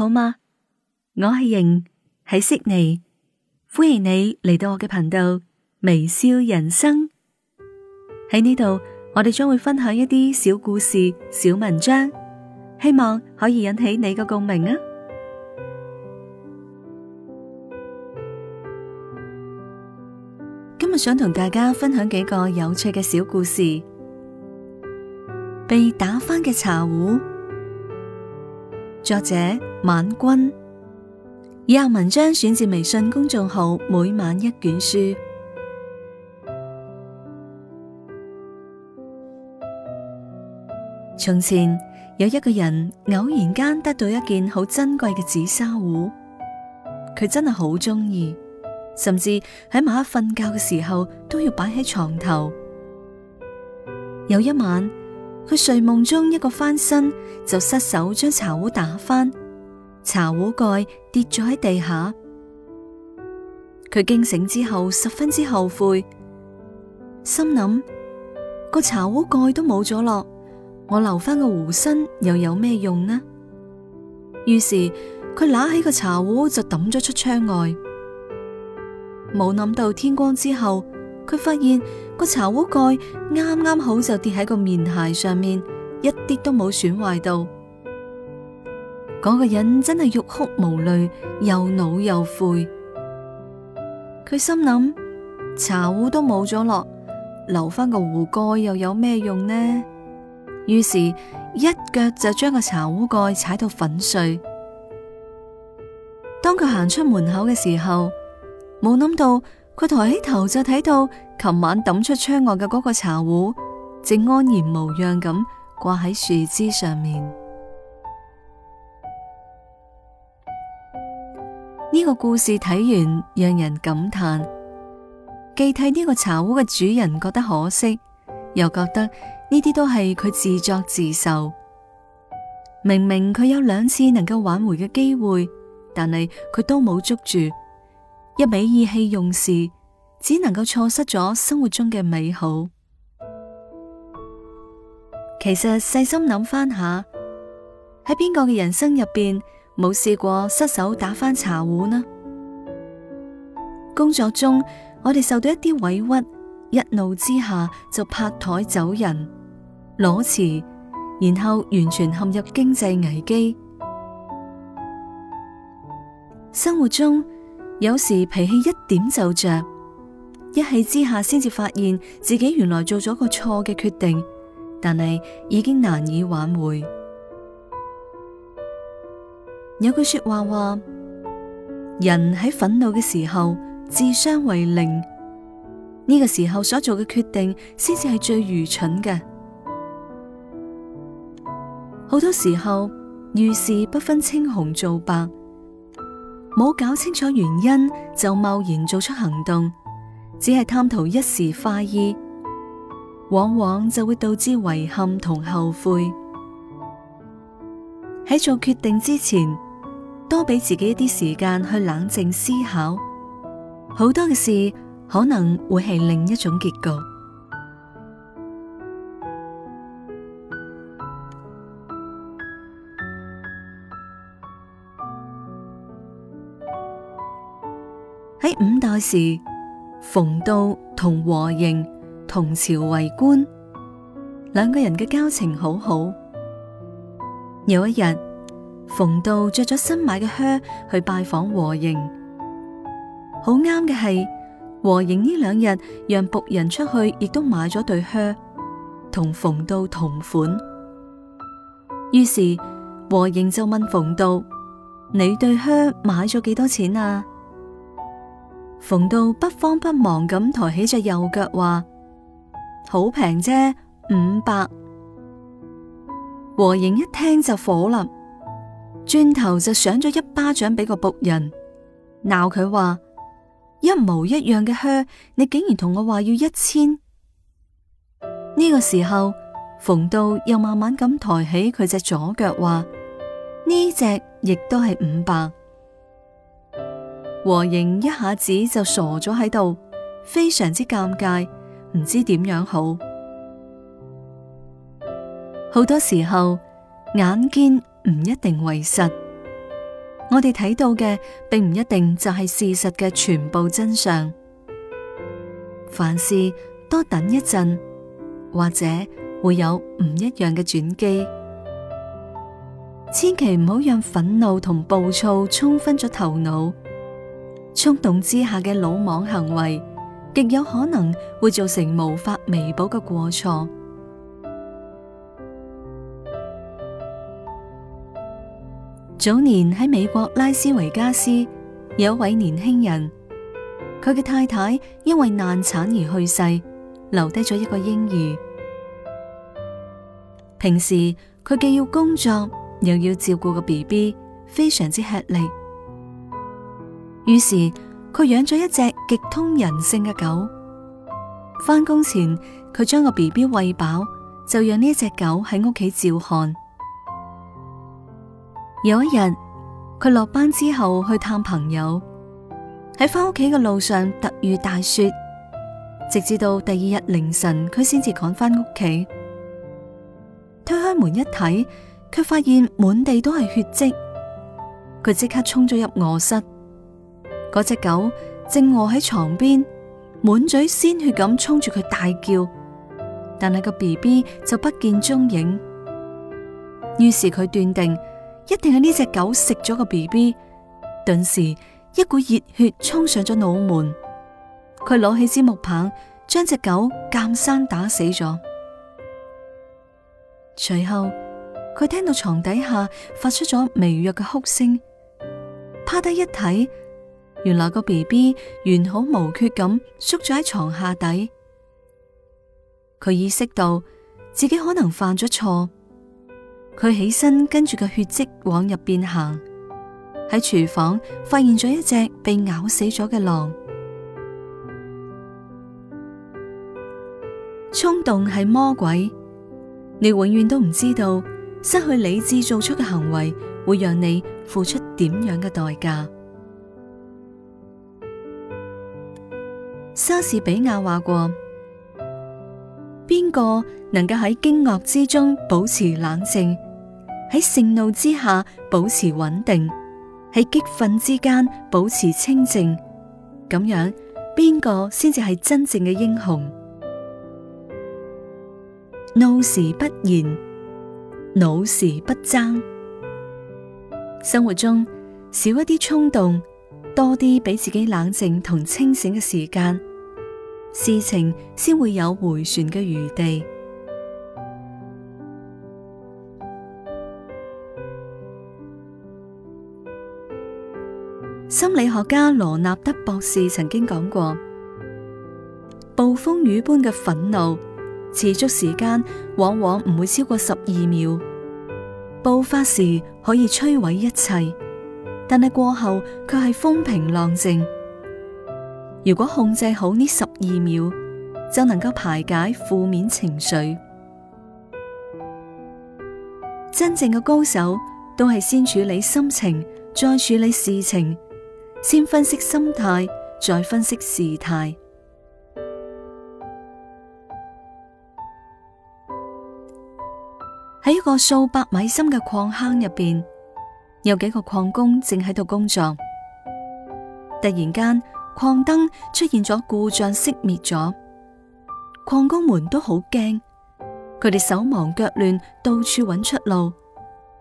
好嗎？我係瑩，喺悉尼，歡迎你嚟到我嘅頻道微笑人生。喺呢度，我哋將會分享一啲小故事、小文章，希望可以引起你嘅共鳴啊！今日想同大家分享幾個有趣嘅小故事，被打翻嘅茶壺。作者晚君，以下文章選自微信公眾號每晚一卷書。從前有一個人偶然間得到一件好珍貴嘅紫砂壺，佢真係好鍾意，甚至喺晚黑瞓覺嘅時候都要擺喺床頭。有一晚。佢睡夢中一個翻身就失手將茶壺打翻，茶壺蓋跌咗喺地下。佢驚醒之後十分之後悔，心諗個茶壺蓋都冇咗落，我留翻個壺身又有咩用呢？於是佢攞起個茶壺就抌咗出窗外，冇諗到天光之後。佢發現個茶壺蓋啱啱好就跌喺個棉鞋上面，一啲都冇損壞到。嗰、那個人真係欲哭無淚，又惱又悔。佢心諗茶壺都冇咗落，留翻個壺蓋又有咩用呢？於是，一腳就將個茶壺蓋踩到粉碎。當佢行出門口嘅時候，冇諗到。佢抬起頭就睇到琴晚抌出窗外嘅嗰個茶壺，正安然無恙咁掛喺樹枝上面。呢個故事睇完，讓人感嘆，既替呢個茶壺嘅主人覺得可惜，又覺得呢啲都係佢自作自受。明明佢有兩次能夠挽回嘅機會，但係佢都冇捉住。一味意氣用事，只能夠錯失咗生活中嘅美好。其實細心諗翻下，喺邊個嘅人生入邊冇試過失手打翻茶壺呢？工作中，我哋受到一啲委屈，一怒之下就拍台走人、裸辭，然後完全陷入經濟危機。生活中。有時脾氣一點就着，一氣之下先至發現自己原來做咗個錯嘅決定，但係已經難以挽回。有句說話話，人喺憤怒嘅時候智商為零，呢個時候所做嘅決定先至係最愚蠢嘅。好多時候遇事不分青紅皂白。冇搞清楚原因就貿然做出行動，只係貪圖一時快意，往往就會導致遺憾同後悔。喺做決定之前，多俾自己一啲時間去冷靜思考，好多嘅事可能會係另一種結局。五代時，馮道同和凝同朝為官，兩個人嘅交情好好。有一日，馮道着咗新買嘅靴去拜訪和凝，好啱嘅係和凝呢兩日讓僕人出去，亦都買咗對靴，同馮道同款。於是和凝就問馮道：你對靴買咗幾多錢啊？馮道不慌不忙咁抬起隻右腳，話好平啫，五百。和凝一聽就火啦，轉頭就想咗一巴掌俾個僕人，鬧佢話一模一樣嘅靴，你竟然同我話要一千。呢、這個時候，馮道又慢慢咁抬起佢隻左腳，話呢隻亦都係五百。這個和瑩一下子就傻咗喺度，非常之尷尬，唔知點樣好。好多時候眼見唔一定為實，我哋睇到嘅並唔一定就係事實嘅全部真相。凡事多等一陣，或者會有唔一樣嘅轉機。千祈唔好讓憤怒同暴躁沖昏咗頭腦。衝動之下嘅魯莽行為，極有可能會造成無法彌補嘅過錯。 早年喺美國拉斯維加斯，有位年輕人，佢嘅太太因為難產而去世，留低咗一個嬰兒。平時佢既要工作，又要照顧個 BB，非常之吃力。於是佢養咗一隻極通人性嘅狗。翻工前佢將個 BB 餵飽，就讓呢一隻狗喺屋企照看。有一日佢落班之後去探朋友，喺翻屋企嘅路上突遇大雪，直至到第二日凌晨佢先至趕翻屋企。推開門一睇，卻發現滿地都係血跡。佢即刻衝咗入臥室。嗰隻狗正卧喺床邊，滿嘴鮮血咁衝住佢大叫，但係個 B B 就不見蹤影。於是佢斷定，一定係呢隻狗食咗個 B B。頓時一股熱血衝上咗腦門，佢攞起支木棒，將隻狗鑒生打死咗。隨後佢聽到床底下發出咗微弱嘅哭聲，趴低一睇。原來個 BB 完好無缺咁縮咗喺床下底，佢意識到自己可能犯咗錯，佢起身跟住個血迹往入邊行，喺廚房發現咗一隻被咬死咗嘅狼。衝動係魔鬼，你永遠都唔知道失去理智做出嘅行為會讓你付出點樣嘅代價。莎士比亞話過：邊個能夠喺驚愕之中保持冷靜，喺盛怒之下保持穩定，喺激憤之間保持清靜？咁樣邊個先至係真正嘅英雄？怒時不言，怒時不爭。生活中少一啲衝動，多啲俾自己冷靜同清醒嘅時間。事情先會有迴旋嘅餘地。心理學家羅納德博士曾經講過：暴風雨般嘅憤怒持續時間往往唔會超過十二秒，爆發時可以摧毀一切，但係過後卻係風平浪靜。如果控制好呢十二秒，就能夠排解負面情緒。真正嘅高手都係先處理心情，再處理事情，先分析心態，再分析事態。喺一個數百米深嘅礦坑入邊，有幾個礦工正喺度工作。突然間。礦燈出現咗故障，熄滅咗。礦工們都好驚，佢哋手忙腳亂，到處揾出路，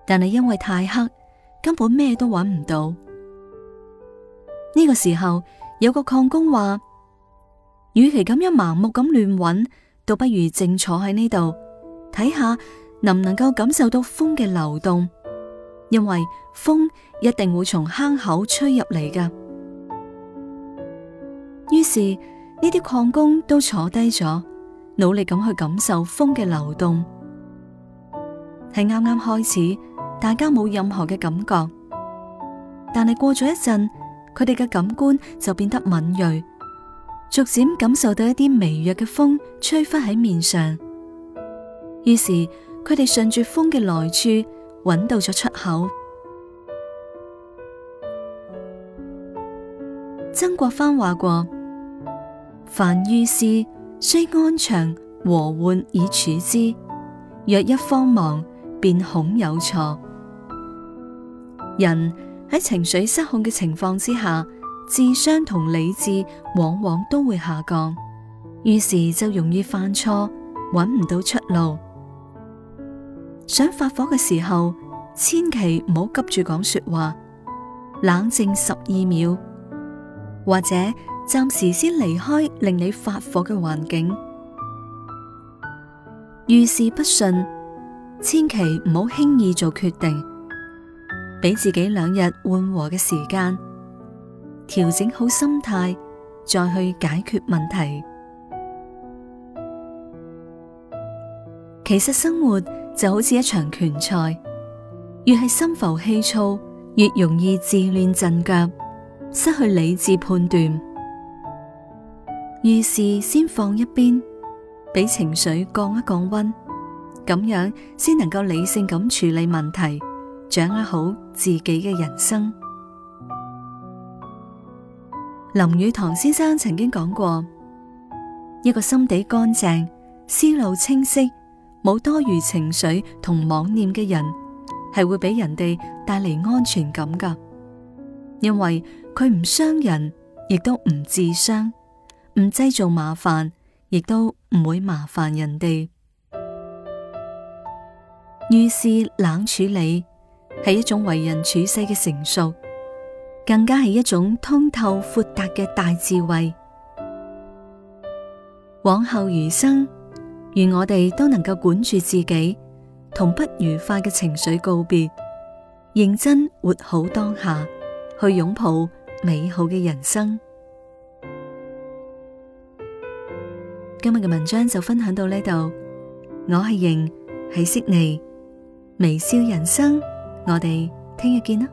但係因為太黑，根本咩都揾唔到。呢個時候，有個礦工話：與其咁樣盲目咁亂揾，倒不如靜坐喺呢度，睇下能唔能夠感受到風嘅流動，因為風一定會從坑口吹入嚟㗎。於是呢啲礦工都坐低咗，努力咁去感受風嘅流動，係啱啱開始，大家冇任何嘅感覺。但係過咗一陣，佢哋嘅感官就變得敏銳，逐漸感受到一啲微弱嘅風吹拂喺面上。於是佢哋順住風嘅來處揾到咗出口。曾國藩話過。凡遇事，需安詳和緩以處之。若一慌忙，便恐有錯。人喺情緒失控嘅情況之下，智商同理智往往都會下降，於是就容易犯錯，揾唔到出路。想發火嘅時候，千祈唔好急住講說話，冷靜十二秒，或者。暫時先離開令你發火嘅環境，遇事不順，千祈唔好輕易做決定，俾自己兩日緩和嘅時間，調整好心態再去解決問題。其實生活就好似一場拳賽，越係心浮氣躁，越容易自亂陣腳，失去理智判斷。遇事先放一邊，畀情緒降一降溫，咁樣先能夠理性咁處理問題，掌握好自己嘅人生。 林語堂先生曾經講過：一個心底乾淨、思路清晰、冇多餘情緒同妄念嘅人，係會畀人哋帶嚟安全感噶，因為佢唔傷人，亦都唔自傷。唔製造麻煩，亦都唔會麻煩人哋。遇事冷處理，係一種為人處世嘅成熟，更加係一種通透豁達嘅大智慧。往後餘生，願我哋都能夠管住自己，同不愉快嘅情緒告別，認真活好當下，去擁抱美好嘅人生。今日嘅文章就分享到呢度，我係瑩，喺悉尼微笑人生，我哋聽日見啦。